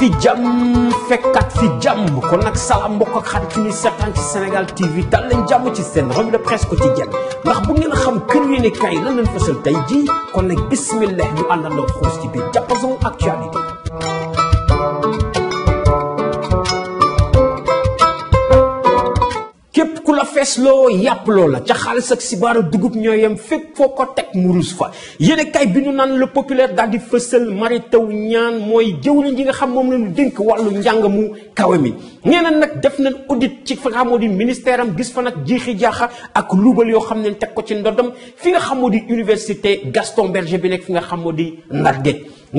fi jam fekkat fi jàmm kon nak salaam mbok ak xarit ñuy seetaan ci Sénégal TV dal len jam ci sen revue de presse quotidienne ndax bu ngeen xam kër yéene kaay lan leen fësal tay ji kon nak bismillah ñu àndandoo xos ci biir jàppason actualité xeesloo yàpp loo la ca xaalis ak sibaaru dugub ñoo yem fépp foo ko teg mu ruus fa yéene kay bi ñu naan le populaire daal di fësal mari taw ñaan mooy jëwriñ ji nga xam moom lañu dénk wàllu njàng mu kawe mi nee na nag def nañ audit ci fa nga xamoo di ministère am gis fa nag jiixi jaaxa ak luubal yoo xam ne teg ko ci ndodom fi nga xamoo di université Gaston Berger bi nekk fi nga xamoo di Ndar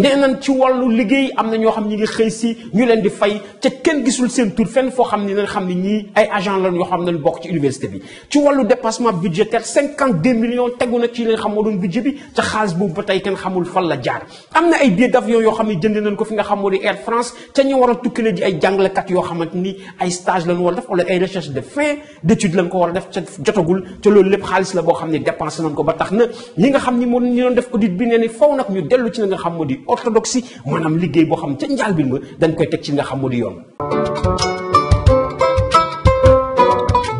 nee nañ ci walu liggéey amna na ñoo xam ñi ngi xey ci ñu leen di fay ci kenn gisul seen tour fenn fo xamni ne xamni ñi ay agent la yoo xamna lu bok ci université bi ci walu dépassement budgétaire 52 millions tegu na ci leen xam moo doon budget bi ci xaalis boobu ba tey kenn xamul fan la jaar amna ay billets d'avion yo xamni ne jënd nañ ko fi nga xam moo di Air France ci ñu war a tukkale ji ay jàngalekat kat yo ni ay stage lañ war def wala ay recherche de fin d'étude lañ ko war def ci jotagul ci loolu lepp xaalis la bo xamni ne dépensé nañ ko ba tax na ñi nga xamni mo ñu doon def audit bi nee ni faw nak ñu dellu ci la nga xam moo di orthodoxie maanaam liggéey boo xam ca njaal bi ba koy teg ci nga xam mu di yoon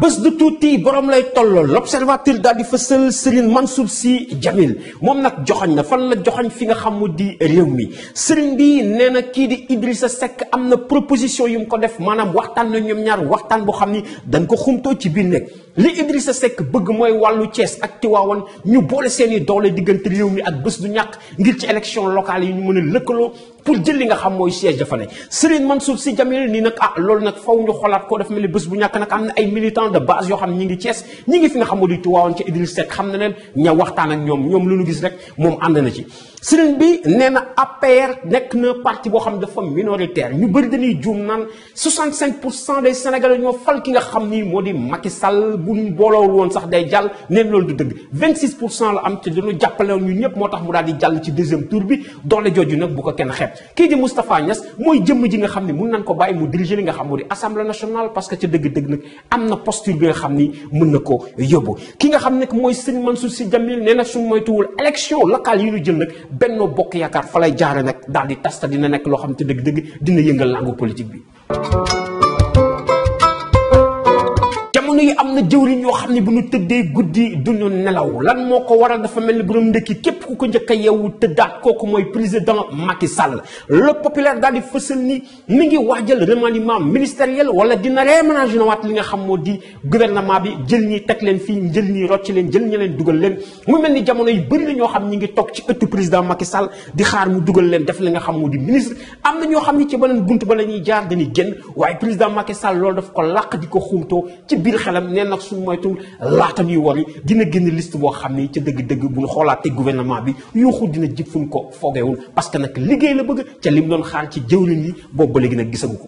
bés du tuuti borom lay tolloo l'observateur daal di fësal Serigne Mansour si Djamil moom nag joxañ na fan la joxañ fi nga xam mu di réew mi Serigne bi nee na kii di Idrissa sekk am na proposition yu mu ko def maanaam waxtaan na ñoom ñaar waxtaan boo xam ni danga ko xumtoo ci biir nekk li Idrissa sekk bëgg mooy wàllu Thiès ak Tivaouane ñu boole seen i doole diggante réew mi ak bés du ñàkk ngir ci élection locale yi ñu mën a lëkkaloo pour jël li nga xam mooy siège dafa ne Serigne Mansour Sy Djamil nii nag ah loolu nag faw ñu xolaat ko def mel ni bés bu ñàkk nag am na ay militants de base yoo xam ne ñi ngi Thiès ñi ngi fi nga xam moo di tuwaawoon ca Idriss Seck xam na leen ña waxtaan ak ñoom ñoom lu ñu gis rek moom ànd na ci sëriñ bi nee na APR nekk na parti boo xam ne dafa minoritaire ñu bëri dañuy juum naan 65 pour cent des sénégalais ñoo fal ki nga xam ni moo di Macky Sall bu booloo woon sax day jàll neen loolu du dëgg 26 pour cent la am ñëpp moo tax mu daal di jàll ci deuxième tour bi doole jooju nag bu ko kenn xeeb kii di Moustapha mooy jëmm ji nga xam ne mun nañ ko bàyyi mu diriger li nga xam moo di assemblée nationale parce que ca dëgg-dëgg nag am na posture bi nga xam ni mën na ko yóbbu ki nga xam ne mooy sëriñ Mansour Sy Djamil nee na suñu moytuwul élection local yi ñu jël nag Benno Bokk Yaakaar fa lay jaare nag daal di tas te dina nekk loo xam te dëgg-dëgg dina yëngal làngu politique bi. jamono yi am na jëwriñ yoo xam ne bu ñu tëddee guddi duñu nelaw lan moo ko war waral dafa mel ni borom ndëkki képp ku ko njëkk a yeewu tëddaat kooku mooy président Macky Sall le populaire daal di fësal ni mi ngi waajal remaniement wala dina réménagé waat li nga bi jël ñi teg leen fii jël ñi rocc leen jël ñi leen dugal leen mu mel ni jamono yi bëri na ñoo xam ngi toog ci ëttu président Macky Sall di xaar mu dugal leen def li nga xam moo di ministre am na ñoo xam ni ci beneen bunt ba la ñuy jaar dañuy génn waaye président Macky Sall loolu daf ko làq di ko xumtoo ci biir xelam nee nag suñu moytuwul laata ñuy war yi dina génn liste boo xam ni ca dëgg-dëgg bu ñu xoolaatee gouvernement bi yuuxu dina jib fu ñu ko foogewul parce que liggéey la bëgg ca lim doon xaar ci jëwriñ yi boobu ba léegi nag gisagu ko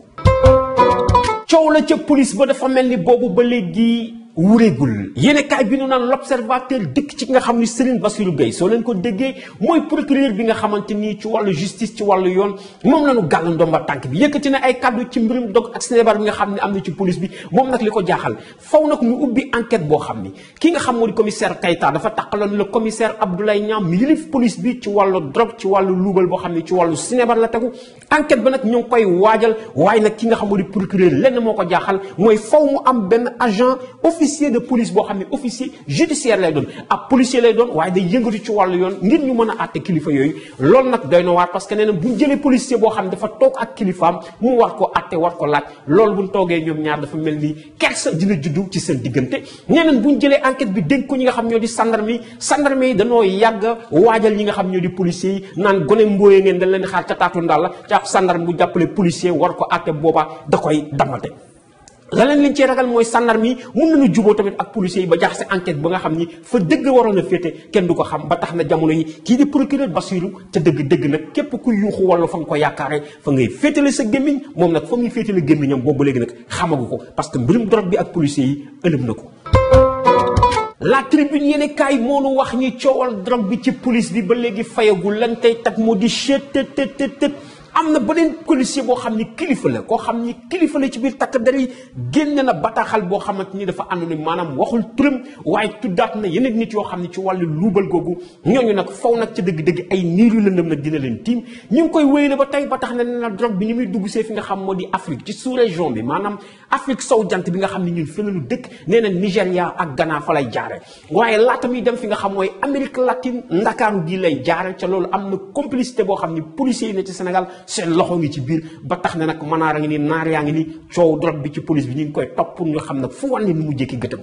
coow la ca police ba dafa mel ni boobu ba léegi wuregul yene kay bi ñu naan l'observateur dëkk ci nga xam ni Serigne Bassirou Gueye soo leen ko déggee mooy procureur bi nga xamante nii ci wàllu justice ci wàllu yoon moom lañu gàll ndomba tànk bi yëkkati na ay kàddu ci mbirum dog ak sénébar bi nga xam ne am na ci police bi moom nag li ko jaaxal faw nag ñu ubbi enquête boo xam ni ki nga xam moo di commissaire Kayta dafa taqaloon le commissaire Abdoulaye Niam yilif police bi ci wàllu drogue ci wàllu luubal boo xam ne ci wàllu sénébar la tegu enquête ba nag ñu ngi koy waajal waaye nag ki nga xam moo di procureur lenn moo ko jaaxal mooy faw mu am benn agent officiel officier de police bo xamné ne officier judiciaire lay doon ab policier lay doon waye day yëngatu ci walu yoon ngir ñu mëna atté kilifa yoy lool nak doyna war parce que nee na jëlé policier bo xamné ne dafa tok ak kilifaam mu war ko atté war ko laaj lool bu togué ñom ñoom ñaar dafa melni ni kersa dina juddu ci seen digënté ñeneen bu jëlé enquête bi dénk ko ñi nga xam ñoo di gendarmerie gendarmerie dañoo yagg waajal ñi nga xam ñoo di policier yi naan gone mbooyee ngeen dañ leen xaar ca taatu ndal la ca gendarme bu jappalé policier war ko atté boba da koy damate la leen cee ragal mooy sàndarm yi mun nañu juboo tamit ak policiers yi ba jaaxase enquête ba nga xam ni fa dëgg waroon a féete kenn ko xam ba tax na jamono yi kii di procureur Bassirou ca dëgg dëgg nag képp ku yuuxu walla fa nga ko yaakaare fa ngay féetale sa gémmiñ moom nag fa muy féetale gémmiñam boobu léegi nag xamagu ko parce que mbirum drogue bi ak policiers yi ëlëm na ko la tribune yéen kaay moonu wax ñi coowal drogue bi ci police bi ba léegi fayagul lan tey tag moo di chëtëtëtëtët am na beneen policier boo xam ni kilifa la koo xam ni kilifa la ci biir takk der yi génne na bataaxal boo xamante ni dafa ànd ni maanaam waxul turam waaye tuddaat na yeneen nit yoo xam ne ci wàllu luubal googu ñooñu nag faw nag ca dëgg-dëgg ay niir yu lëndëm nag dina leen tiim ñu ngi koy wéyale ba tey ba tax na nee na drogue bi ni muy dugg see fi nga xam moo di Afrique ci sous région bi maanaam Afrique sow jant bi nga xam ne ñun fi la ñu dëkk nee na Nigéria ak Ghana fa lay jaare waaye laata muy dem fi nga xam mooy Amérique latine Ndakaaru gi lay jaare ca loolu am na complicité boo xam ni policiers yi ne ci Sénégal seen loxo ngi ci biir ba tax ne nag manaara ngi nii naar yaa ngi nii coow drogue bi ci police bi ñu ngi koy topp pour xam nag fu wànni nu mu jékki gëtëm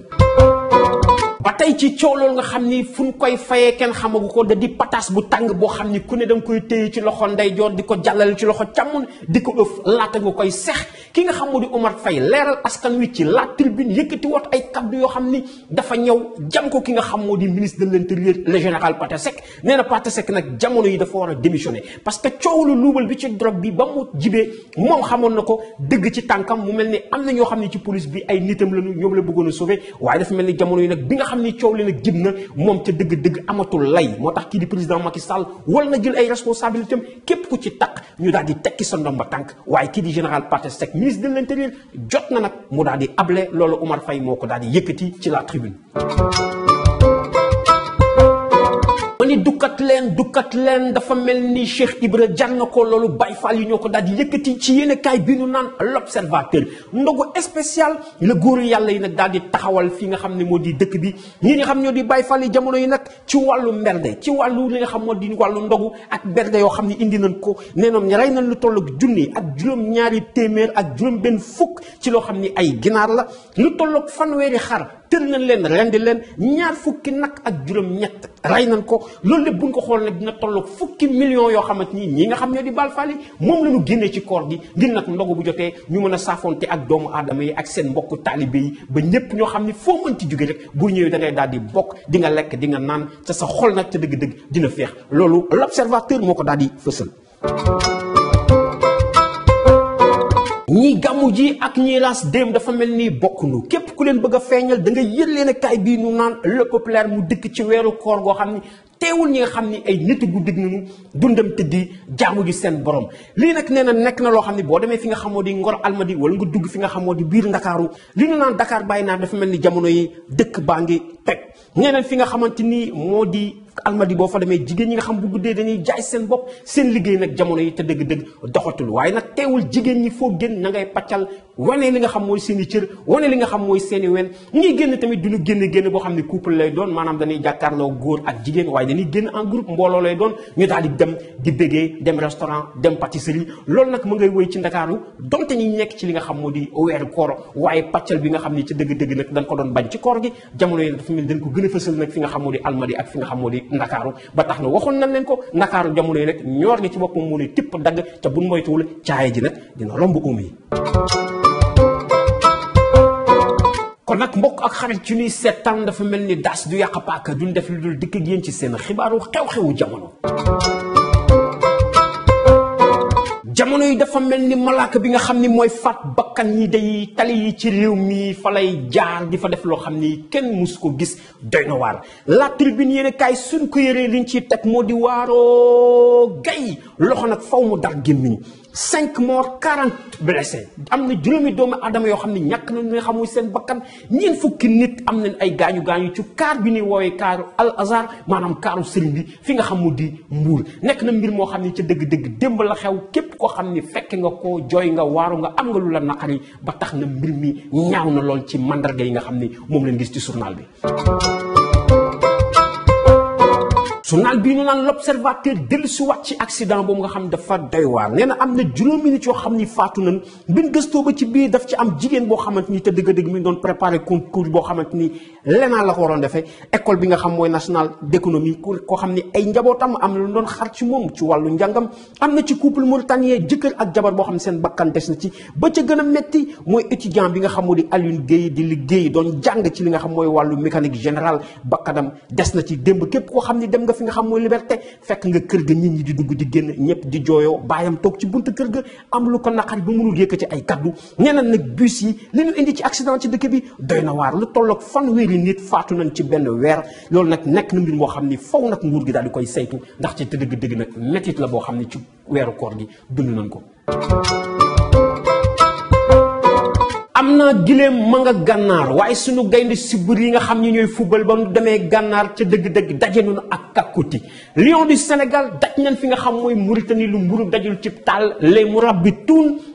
ba tey ci coow loolu nga xam ni fu ñu koy fayee kenn xamagu ko da di pataas bu tàng boo xam ni ku ne danga koy téye ci loxo ndeyjoor di ko jàllale ci loxo càmmoñ di ko laata nga koy sex ki nga xam moo di Omar Faye leeral askan wi ci la tribune yëkkati wat ay kaddu yoo xam ni dafa ñëw jam ko ki nga xam moo di ministre de l'intérieur le général Pathé Seck nee na Pathé Seck nag jamono yi dafa a démissionner parce que coow lu luubal bi ci drogue bi ba mu jibee moom xamoon na ko dëgg ci tànkam mu mel ni am na ñoo xam ne ci police bi ay nitam lañu ñoom la bëggoon a sauver waaye dafa mel ni jamono yi nag bi nga xam xam ni coow li nag jib na moom ca dëgg-dëgg amatul lay moo tax kii di président Macky Sall wal na jël ay responsabilités képp ku ci takk ñu daal di tekki sa ndomba tànk waaye kii di général Pathé Seck ministre de l'intérieur jot na nag mu daal di able loolu Omar Faye moo ko daal di yëkkati ci la tribune ma ni dukkat leen dukkat leen dafa mel ni Cheikh Ibra jàng ko loolu Baye Fall yi ñoo ko daal di yëkkati ci yéen kaay bi nu naan l'observateur ndogu espécial la góor yàlla yi nag daal di taxawal fii nga xam ne moo di dëkk bi ñi nga xam ñoo di Baye Fall yi jamono yi nag ci wàllu mberde ci wàllu li nga xam moo di wàllu ndogu ak berde yoo xam ne indi nañ ko nee noom rey nañ lu toll ak junni ak juróom-ñaari téeméer ak juróom benn fukk ci loo xam ni ay ginaar la lu toll ak fanweeri xar tër nañ leen rendi leen ñaar fukki nag ak juróom-ñett rey nañ ko loolu lépp buñ ko xool nag dina tolloog fukki millions yoo xamante ni ñi nga xam ñoo di baal faali moom la ñu génnee ci koor gi ngir nag ndogu bu jotee ñu mën a saafonte ak doomu aadama yi ak seen mbokk taalibe yi ba ñépp ñoo xam ni foo mën ci jóge rek bu ñëwee da ngay daal di bokk di nga lekk di nga naan sa sa xol nag ca dëgg-dëgg dina feex loolu l'observateur moo ko daal di fësal ñii gàmmu ji ak ñii laas déem dafa mel ni bokkunu képp ku leen bëgg a feeñal da nga yël leen kaay bii nu naan le populaire mu dëkk ci weeru koor goo xam ni teewul ñi nga xam ni ay nitu guddi nañu dundam tëddi jaamu ji seen borom lii nag nee na nekk na loo xam ni boo demee fi nga xamoo di ngoro Ngor di wala nga dugg fi nga xamoo di biir Ndakaaru li nu naan Dakar bàyyi naa dafa mel ni jamono yi dëkk baa ngi teg ñeneen fi nga xamante ni moo di almadi boo fa demee jigéen ñi nga xam bu guddee dañuy jaay seen bopp seen liggéey nag jamono yi te dëgg-dëgg doxatul waaye nag teewul jigéen ñi foo génn na ngay paccal wane li nga xam mooy seen i cër wane li nga xam mooy seen i wen ñuy génn tamit duñu génn génn boo xam ne couple lay doon maanaam dañuy jàkkaarloo góor ak jigéen waaye dañuy génn en groupe mbooloo lay doon ñu daal di dem di béggee dem restaurant dem pâtisserie loolu nag mu ngay woy ci ndakaaru donte ñi nekk ci li nga xam moo di weeru koor waaye paccal bi nga xam ni ci dëgg-dëgg nag dañ ko doon bañ ci koor gi jamono yi dafa mel dañ ko gën a fësal nag fi nga xam moo di almadi ak fi nga xam moo di ndakaaru ba tax na waxoon nañ leen ko ndakaaru jamono yi nag ñoor gi ci boppam moo lay tipp dagg ca buñ moytuwul caaya ji nag dina romb uum yi kon nag mbokk ak xarit ci ñuy seetaan dafa mel ni daas du yàq paaka duñ def lu dul dikk ak ci seen xibaaru xew-xewu jamono jamono yi dafa mel ni malaaka bi nga xam ni mooy faat bakkan yi day tali yi ci réew mi fa lay jaar di fa def loo xam ni kenn mus ko gis doy na waar la tribune yéen kaay suñ ko yëree liñ ciy teg moo di waaroo gay loxo nag faw mu dar gémmiñ cinq morts quarante blessés am na juróomi doomu aadama yoo xam ne ñàkk nañ nga xamul seen bakkan ñeent fukki nit am nañ ay gaañu gaañu ci kaar bi ñuy woowee kaaru al azar maanaam kaaru sëriñ bi fi nga xam mu di mbuur nekk na mbir moo xam ne ca dëgg-dëgg démb la xew képp koo xam ni fekk nga ko jooy nga waaru nga am nga lu la naqari ba tax na mbir mi ñaaw na lool ci mandarga yi nga xam ni moom lañ gis ci journal bi. journal bii ñu naan l'observateur dellusiwaat ci accident boobu nga xam dafa doy waar nee am na juróomi nit yoo xam ni faatu nañ bin gëstoo ba ci biir daf ci am jigéen boo xamante ni te dëgg-dëgg mi doon préparé concours boo xamante ni lenaan la ko waroon defee école bi nga xam mooy national d'économie koo xam ni ay njabootam am lu doon xar ci moom ci wàllu njàngam am na ci couple mauritanien jëkkër ak jabar boo xam seen bakkan des na ci ba ca gën a metti mooy étudiant bi nga xam moo di Alioune Guèye di liggéey doon jàng ci li nga xam mooy wàllu mécanique générale bakkanam des na ci démb képp koo fi nga xam mooy liberté fekk nga kër ga nit ñi di dugg di génn ñëpp di jooyoo baayam toog ci buntu kër ga am lu ko naqari ba mënul ci ay kaddu ñeneen nag bus yi li ñu indi ci accident ci dëkk bi doy na waar lu tolloog yi nit faatu nañ ci benn weer loolu nag nekk na mbir boo xam ni faw nag nguur gi daal di koy saytu ndax ci dëgg-dëgg nag métit la boo xam ne ci weeru koor gi dund nañ ko am naa giléem ma nga gànnaar waaye suñu gaynde sibur yi nga xam ñi ñooy fubal ba nu demee gànnaar ca dëgg-dëgg daje nañu ak kakkuti lion du Sénégal daj nañ fi nga xam mooy Mauritanie lu mburu dajul ci taal les Mourabitoun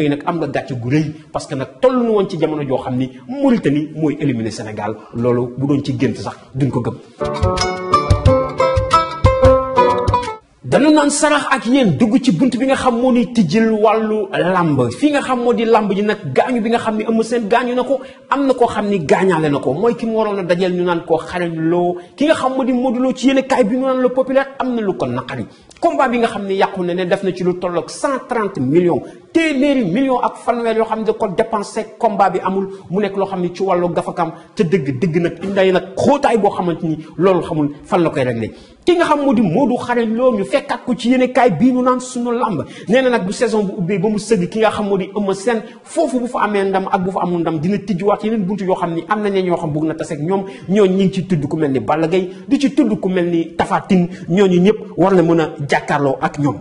jamono nak nag am na gàcce gu reuy parce que nak tollu won ci jamono jo xamni ni Mauritanie moy éliminer Sénégal loolu bu doon ci gënt sax duñ ko gëm dañu nan sarax ak yeen dugg ci buntu bi nga xam mo ni tijjil walu lamb fi nga xam mo di lamb ji nak gañu bi nga xam ni ko am na koo xam ni gaañaale na ko ki mo waro na dajel ñu nan ko xarañ lo ki nga xam mo di modulo ci yene kay bi ñu nan le populaire am na lu ko naqari combat bi nga xam ni ne def na ci lu tollok 130 millions téeméeri million ak fanweer yoo xam ne ko dépensé combat bi amul mu nekk loo xam ne ci wàllu gafakam ca dëgg dëgg nag inday nag xóotaay boo xamante ni loolu xamul fan la koy réglé ki nga xam moo di Modou Xarañ Lo ñu fekkat ko ci yéene kaay bii ñu naan suñu làmb nee na nag bu saison bu ubbee ba mu sëgg ki nga xam moo di Eumeu Sène foofu bu fa amee ndam ak bu fa amul ndam dina tijjiwaat yeneen buntu yoo xam ni am na ne ñoo xam bëgg na taseeg ñoom ñooñu ñi ngi ci tudd ku mel ni Balla ci tudd ku mel ni Tapha Tine ñooñu ñëpp war na mën a jàkkaarloo ak ñoom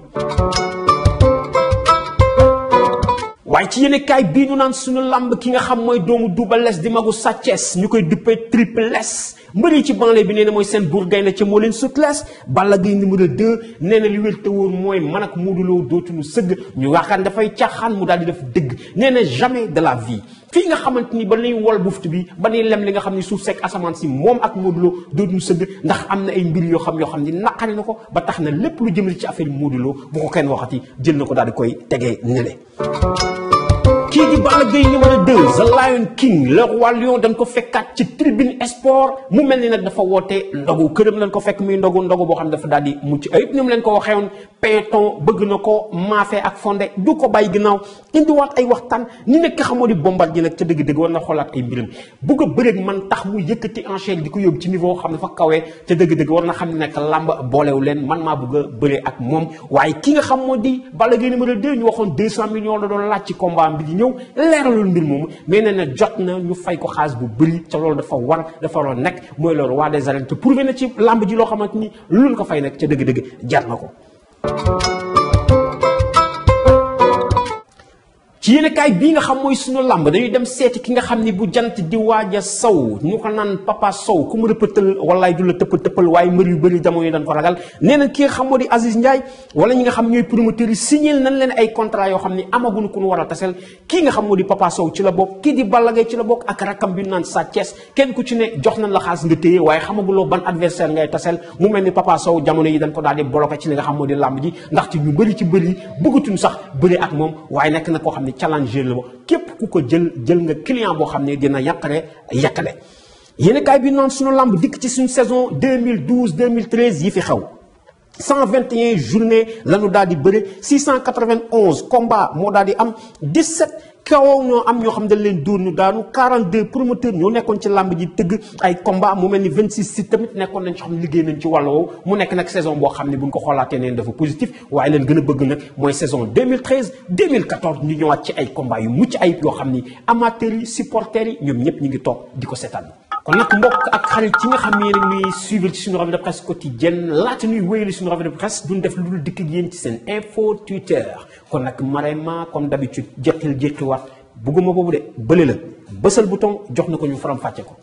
waaye ci yéene kaay bii ñu naan suñu lamb ki nga xam mooy doomu Double Less di magu Sa Thiès ñu koy duppee Triple Less mbër yi ci banlieue bi nee na mooy seen buur gaynde ca moo leen sut lees Balla Gaye numéro 2 na li wér te wóor mooy man ak Modou Lo dootuñu sëgg ñu yaakaar dafay caaxaan mu daal di def dëgg nee na jamais de la vie fii nga xamante ni ba nuy wol buft bi ba nuy li nga xam ni suuf sekk asamaan si moom ak Modou Lo dootuñu sëgg ndax am na ay mbir yoo xam yoo xam ni naqari na ko ba tax na lépp lu jëmale ci affaire Modou Lo bu ko kenn waxati jël na ko daal di koy tege nele kii di Balla Gaye numéro 2 The Lion King le roi lion dañ ko fekkaat ci tribune sport mu mel ni nag dafa woote ndogu këram lañ ko fekk muy ndogu ndogu boo xam ne dafa daal mucc ayib ni mu ko waxee woon Python bëgg na ko maafe ak fondé du ko bàyyi ginnaaw indiwaat ay waxtaan ni nekk xamoo di bombal ji nag ca dëgg-dëgg war na xoolaat ay mbiram bugg a bëreeg man tax mu yëkkati enchère di ko yóbbu ci niveau xam ne fa kawee ca dëgg-dëgg war na xam ne nag làmb boolewu leen man maa bugg bëree ak moom waaye ki nga xam moo di Balla Gaye doon laaj ci combat bi ñëw leeralul mbir moomu mais nee na jot na ñu fay ko xaalis bu bëri ca loolu dafa war dafa waroon nekk mooy loolu waa des arènes te prouvé na ci làmb ji loo xamante ni luñ ko fay nekk ca dëgg-dëgg jar na ko. ci yéenekaay bii nga xam mooy sunu làmb dañuy dem seeti ki nga xam ni bu jant di waaj a saw ñu ko naan papa sow ku mu rëppatal walaay du la tëppal tëppal waaye mbër yu bëri jamono yi dañ ko ragal nee ki nga xam moo di Aziz Ndiaye wala ñi nga xam ñooy promoteurs yi signé ay contrat yoo xam ni amaguñu ku ñu a taseel kii nga xam moo di papa sow ci kii di Balla Gaye ci la bokk ak rakkam bi ñu naan Sa ku ci ne jox nañ la xaalis nga waaye xamaguloo ban adversaire ngay taseel mu mel jamono yi dañ ko daal di bloqué ci li nga làmb ji ndax ci ñu bëri ci bëri bëggatuñ sax bëri ak moom waaye nekk na koo xam challenger la képp ku ko jël jël nga client vous xamné dina kay bi non suñu lamb ci suñu saison 2012 2013 yi 121 journées la 691 combat mo 17. kawoon ñoo am ñoo xam dañ leen dóor ñu daanu 42 promoteurs ñoo nekkoon ci làmb ji tëgg ay combat mu mel ni 26 sites tamit nekkoon nañ ci xam liggéey nañ ci ne buñ ko xoolaatee neen dafa positif waaye a bëgg nag mooy saison 2013 2014 ñu ñëwaat ci ay combat yu mucc ayib yoo xam ni amateurs yi supporters yi ñoom ñëpp ñu ngi toog di ko seetaan kon nag mbokk ak xarit ci nga xam ne yéen ñuy suivre ci suñu revue de presse quotidienne laata ñuy wéyale suñu revue de presse duñ def lu dul dikk ak ci seen info Twitter kon nag Marema comme d'habitude jekkil jekkiwaat bugguma boobu de bële la bësal bouton jox na ko ñu faram fàcce ko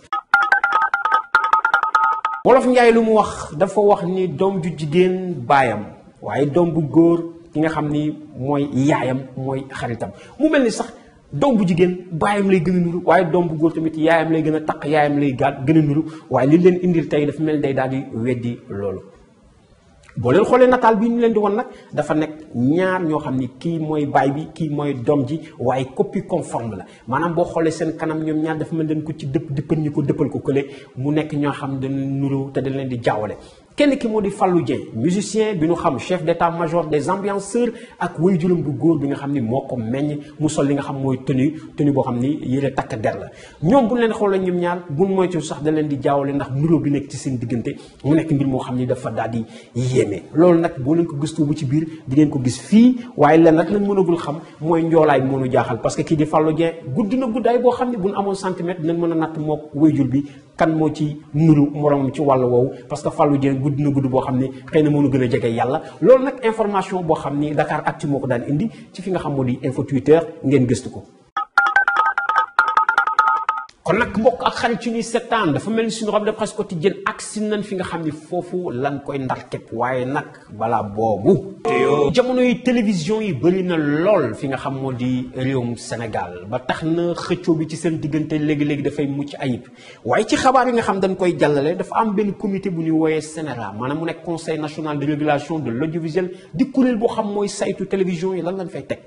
wolof njaay lu mu wax dafa wax ni doom ju jigéen baayam waaye doom bu góor ki nga xam ni mooy yaayam mooy xaritam mu mel ni sax doom bu jigéen baayam lay gën a nuru waaye doom góor tamit yaayam lay gën a taq yaayam lay gën a nuru waaye li leen indil tey dafa mel day daal di weddi loolu boo leen xoolee nataal bi ñu leen di woon nag dafa nekk ñaar ñoo xam ni kii mooy baay bi kii mooy doom ji waaye copie conforme la maanaam boo xoolee seen kanam ñoom ñaar dafa mel leen ko ci dëpp dëppan ñu ko dëppal ko kële mu nekk ñoo xam dañ nuroo te dañ leen di jaawale kenn Fallou musicien chef d'état-major des ambianceurs ak way bu góor bi nga xam ni mu sol li nga xam tenue tenue boo xam ni yére vous der la ñoom buñ leen xoolee ñoom ñaar buñ Si sax da leen di jaawale ndax nuróo bi nekk ci seen diggante mu nekk mbir moo vous dafa daal di yéeme leen ko gëstu bu ci ko gis leen lañ xam parce que kii di Fallou vous centimètre a kan moo ci nuru moroomam ci wàll woowu parce que Fallou Dieng gudd na gudd boo xam ne xëy na mënu gën a jege yàlla loolu nag information boo xam ni Dakar Actu moo ko daan indi ci fi nga xam moo di info ngeen gëstu ko kon nag mbokk ak xarit ci ñuy seetaan dafa mel suñu robe de presse quotidienne ak si fi nga xamni fofu lan koy ndar képp waaye nag balaa boobu. jamono yi télévision yi bari na lol fi nga xam modi di réewum Sénégal ba taxna na bi ci seen légui légui da fay mucc ayib waye ci xabar yi nga xam dañ koy jàllale dafa am benn comité bu ñuy wooyee Sénéra maanaam mu nekk conseil national de régulation de l'audiovisuel di kuréel bu xam moy saytu télévision yi lan lañ fay teg.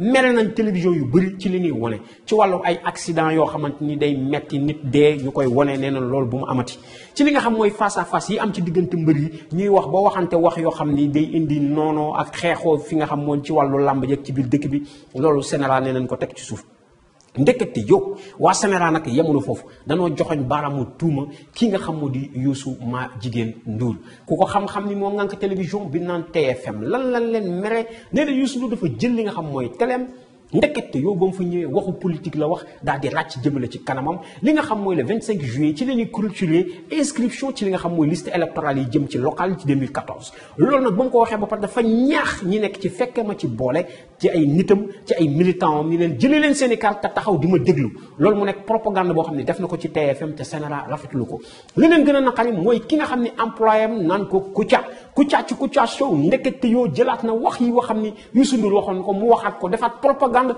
mere nañ télévision yu bëri ci li ñuy wone ci wàllu ay accident yoo xamante ni day metti nit dee ñu koy wone nee na loolu bu mu amati ci li nga xam mooy face à face yi am ci diggante mbër yi ñuy wax ba waxante wax yoo xam ni day indi noonoo ak xeexoo fi nga xam mooy ci wàllu làmb ci biir dëkk bi loolu Sénégal nee nañ ko teg ci suuf ndekete yow waa Sénégal nag yemuñu foofu danoo joxoñ baaraamu tuuma kii nga xam moo di Youssou maa Jigéen Ndour ku ko xam-xam ni moo ngànk télévision bi naan TFM lan lan leen mere nee na Youssou Ndour dafa jël li nga xam mooy teleem ndekete yow ba mu fa ñëwee waxu politique la wax daal di ràcc jëmale ci kanamam li nga xam mooy le 25 juillet ci la ñuy clôturer inscription ci li nga xam mooy liste électorale yi jëm ci local ci 2014. loolu nag ba mu ko waxee ba pare dafa ñaax ñi nekk ci fekke ma ci boole ci ay nitam ci ay militant am ñu leen jëlee leen seen te taxaw di ma déglu loolu mu nekk propagande boo xam ne def na ko ci TFM te Sénégal rafetlu ko. leen gën a naqari mooy ki nga xam ne employé am naan ko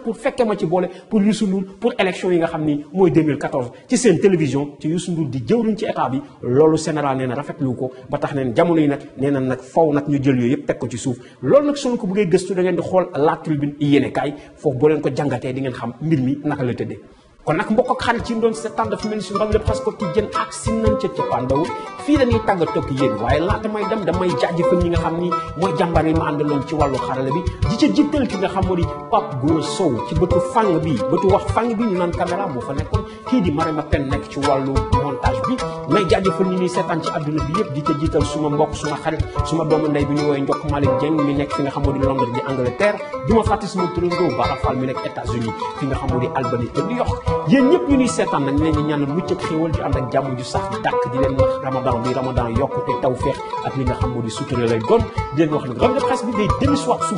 pour faire ma ci pour Youssou pour élection yi nga xamni 2014 ci sen télévision ci Youssou Ndour di jëwriñ ci état bi lolu général néna na rafetlu ko ba tax neen jamono yi nak néna nak faw nak ñu jël ko ci souf lolu nak la ko di xam mbir mi kon nak mbokk xan ci ndon doon seetaan dafa mel ni suñu revue de presse quotidienne ak si nañ ca cëppaandaw fii dañuy tag tok yeen waye la may dem damay jaajëfal ñi nga xamni moy jambar yi ma àndaloon ci walu xarala bi di ci jittel ki nga xam moo di Pape Sow ci bëtu fang bi bëtu wax fang bi ñu nan caméra bu fa nekkon ki di ma Pen nek ci walu montage bi may jaajëfal ñi ni seetaan ci aduna bi yeb di ci jittel suma mbokk suma xarit suma doomu nday bi ñu woowee Ndiock malik jeng mi nek fi nga xam moo di Londres di Angleterre duma fatis mo suma ba Bara mi nek États-Unis fi nga xam moo di Albany te New York yéen ñëpp ñu nuy seetaan nag leen di ñaanal mucc ak xéewal ju ànd ak jàmm ju sax dàkk di leen wax ramadan bi ramadan yokkute taw feex ak li nga xam moo di sutura lay doon di leen wax nag revue de presse bi day dellu si